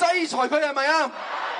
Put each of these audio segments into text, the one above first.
制裁佢係咪啊？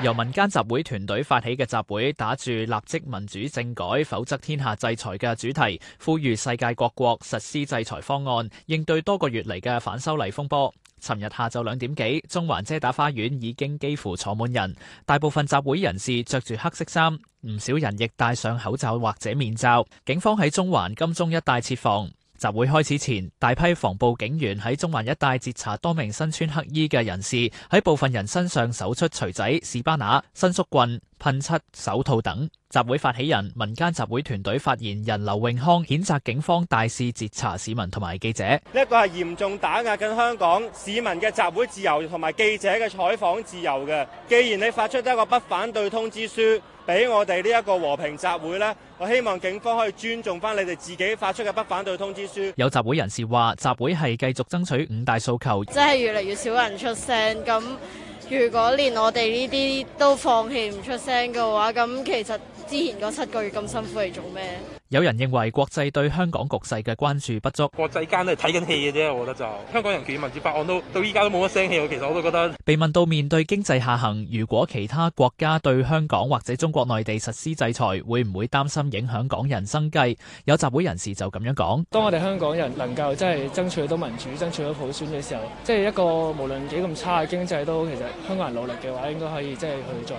由民間集會團隊發起嘅集會，打住立即民主政改，否則天下制裁嘅主題，呼籲世界各國實施制裁方案，應對多個月嚟嘅反修例風波。尋日下晝兩點幾，中環遮打花園已經幾乎坐滿人，大部分集會人士着住黑色衫，唔少人亦戴上口罩或者面罩。警方喺中環金鐘一帶設防。集會開始前，大批防暴警員喺中環一帶截查多名身穿黑衣嘅人士，喺部分人身上搜出錘仔、士巴拿、伸縮棍、噴漆手套等。集會發起人、民間集會團隊發言人劉穎匡譴責警方大肆截查市民同埋記者。呢個係嚴重打壓緊香港市民嘅集會自由同埋記者嘅採訪自由嘅。既然你發出得一個不反對通知書。俾我哋呢一個和平集會呢，我希望警方可以尊重翻你哋自己發出嘅不反對通知書。有集會人士話：集會係繼續爭取五大訴求，即係越嚟越少人出聲。咁如果連我哋呢啲都放棄唔出聲嘅話，咁其實之前嗰七個月咁辛苦係做咩？有人認為國際對香港局勢嘅關注不足，國際間都係睇緊戲嘅啫。我覺得就香港人權民主法案都到依家都冇乜聲氣。我其實我都覺得。被問到面對經濟下行，如果其他國家對香港或者中國內地實施制裁，會唔會擔心影響港人生計？有集會人士就咁樣講：當我哋香港人能夠真係爭取到民主、爭取到普選嘅時候，即係一個無論幾咁差嘅經濟，都其實香港人努力嘅話，應該可以即係去再誒。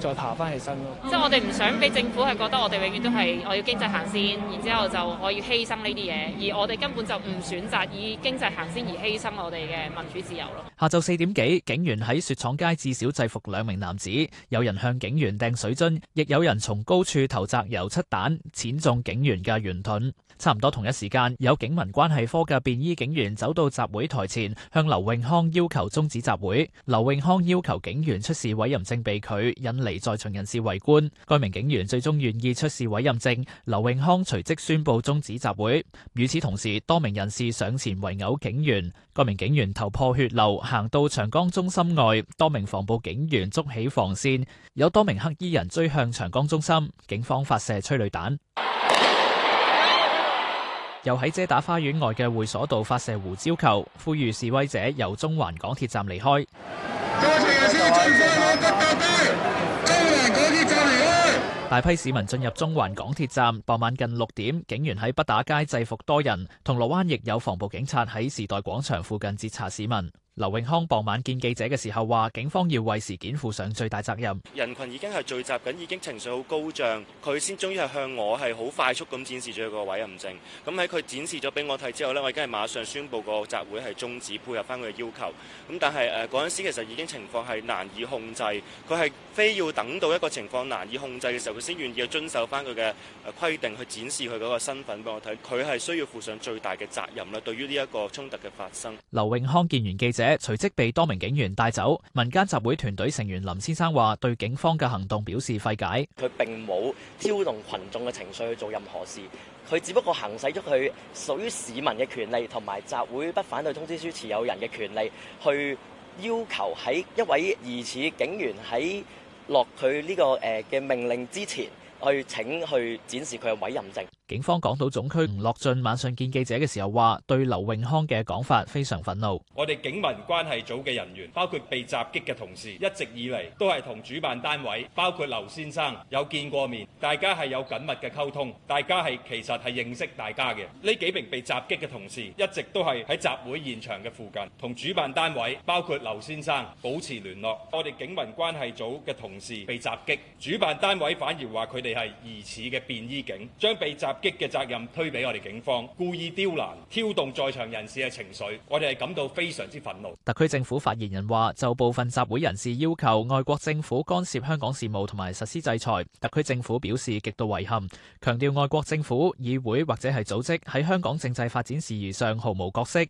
再爬翻起身咯！即係我哋唔想俾政府係覺得我哋永遠都係我要經濟行先，然之後就我要犧牲呢啲嘢，而我哋根本就唔選擇以經濟行先而犧牲我哋嘅民主自由咯。下晝四點幾，警員喺雪廠街至少制服兩名男子，有人向警員掟水樽，亦有人從高處投擲油漆彈，濺中警員嘅圓盾。差唔多同一時間，有警民關係科嘅便衣警員走到集會台前，向劉穎匡要求終止集會，劉穎匡要求警員出示委任證被拒，引嚟。在場人士圍觀，該名警員最終願意出示委任證，劉穎匡隨即宣布中止集會。與此同時，多名人士上前圍毆警員，該名警員頭破血流，行到長江中心外，多名防暴警員築起防線，有多名黑衣人追向長江中心，警方發射催淚彈， 又喺遮打花園外嘅會所度發射胡椒球，呼籲示威者由中環港鐵站離開。 大批市民進入中環港鐵站，傍晚近六點，警員喺畢打街制服多人，銅鑼灣亦有防暴警察喺時代廣場附近截查市民。劉穎匡傍晚見記者嘅時候話：警方要為事件負上最大責任。人群已經係聚集緊，已經情緒好高漲，佢先終於係向我係好快速咁展示咗佢個委任證。咁喺佢展示咗俾我睇之後呢，我已經係馬上宣布個集會係終止，配合翻佢嘅要求。咁但係誒嗰陣時其實已經情況係難以控制，佢係非要等到一個情況難以控制嘅時候，佢先願意遵守翻佢嘅誒規定去展示佢嗰個身份俾我睇。佢係需要負上最大嘅責任啦，對於呢一個衝突嘅發生。劉穎匡見完記者。隨即被多名警員帶走。民間集會團隊成員林先生話：對警方嘅行動表示費解。佢並冇挑動群眾嘅情緒去做任何事，佢只不過行使咗佢屬於市民嘅權利，同埋集會不反對通知書持有人嘅權利，去要求喺一位疑似警員喺落佢呢個誒嘅命令之前。去請去展示佢嘅委任證。警方港島總區吳樂俊晚上見記者嘅時候話：對劉穎匡嘅講法非常憤怒。我哋警民關係組嘅人員，包括被襲擊嘅同事，一直以嚟都係同主辦單位，包括劉先生有見過面，大家係有緊密嘅溝通，大家係其實係認識大家嘅。呢幾名被襲擊嘅同事一直都係喺集會現場嘅附近，同主辦單位包括劉先生保持聯絡。我哋警民關係組嘅同事被襲擊，主辦單位反而話佢哋係疑似嘅便衣警，將被襲擊嘅責任推俾我哋警方，故意刁難、挑動在場人士嘅情緒，我哋係感到非常之憤怒。特區政府發言人話，就部分集會人士要求外國政府干涉香港事務同埋實施制裁，特區政府表示極度遺憾，強調外國政府、議會或者係組織喺香港政制發展事宜上毫無角色。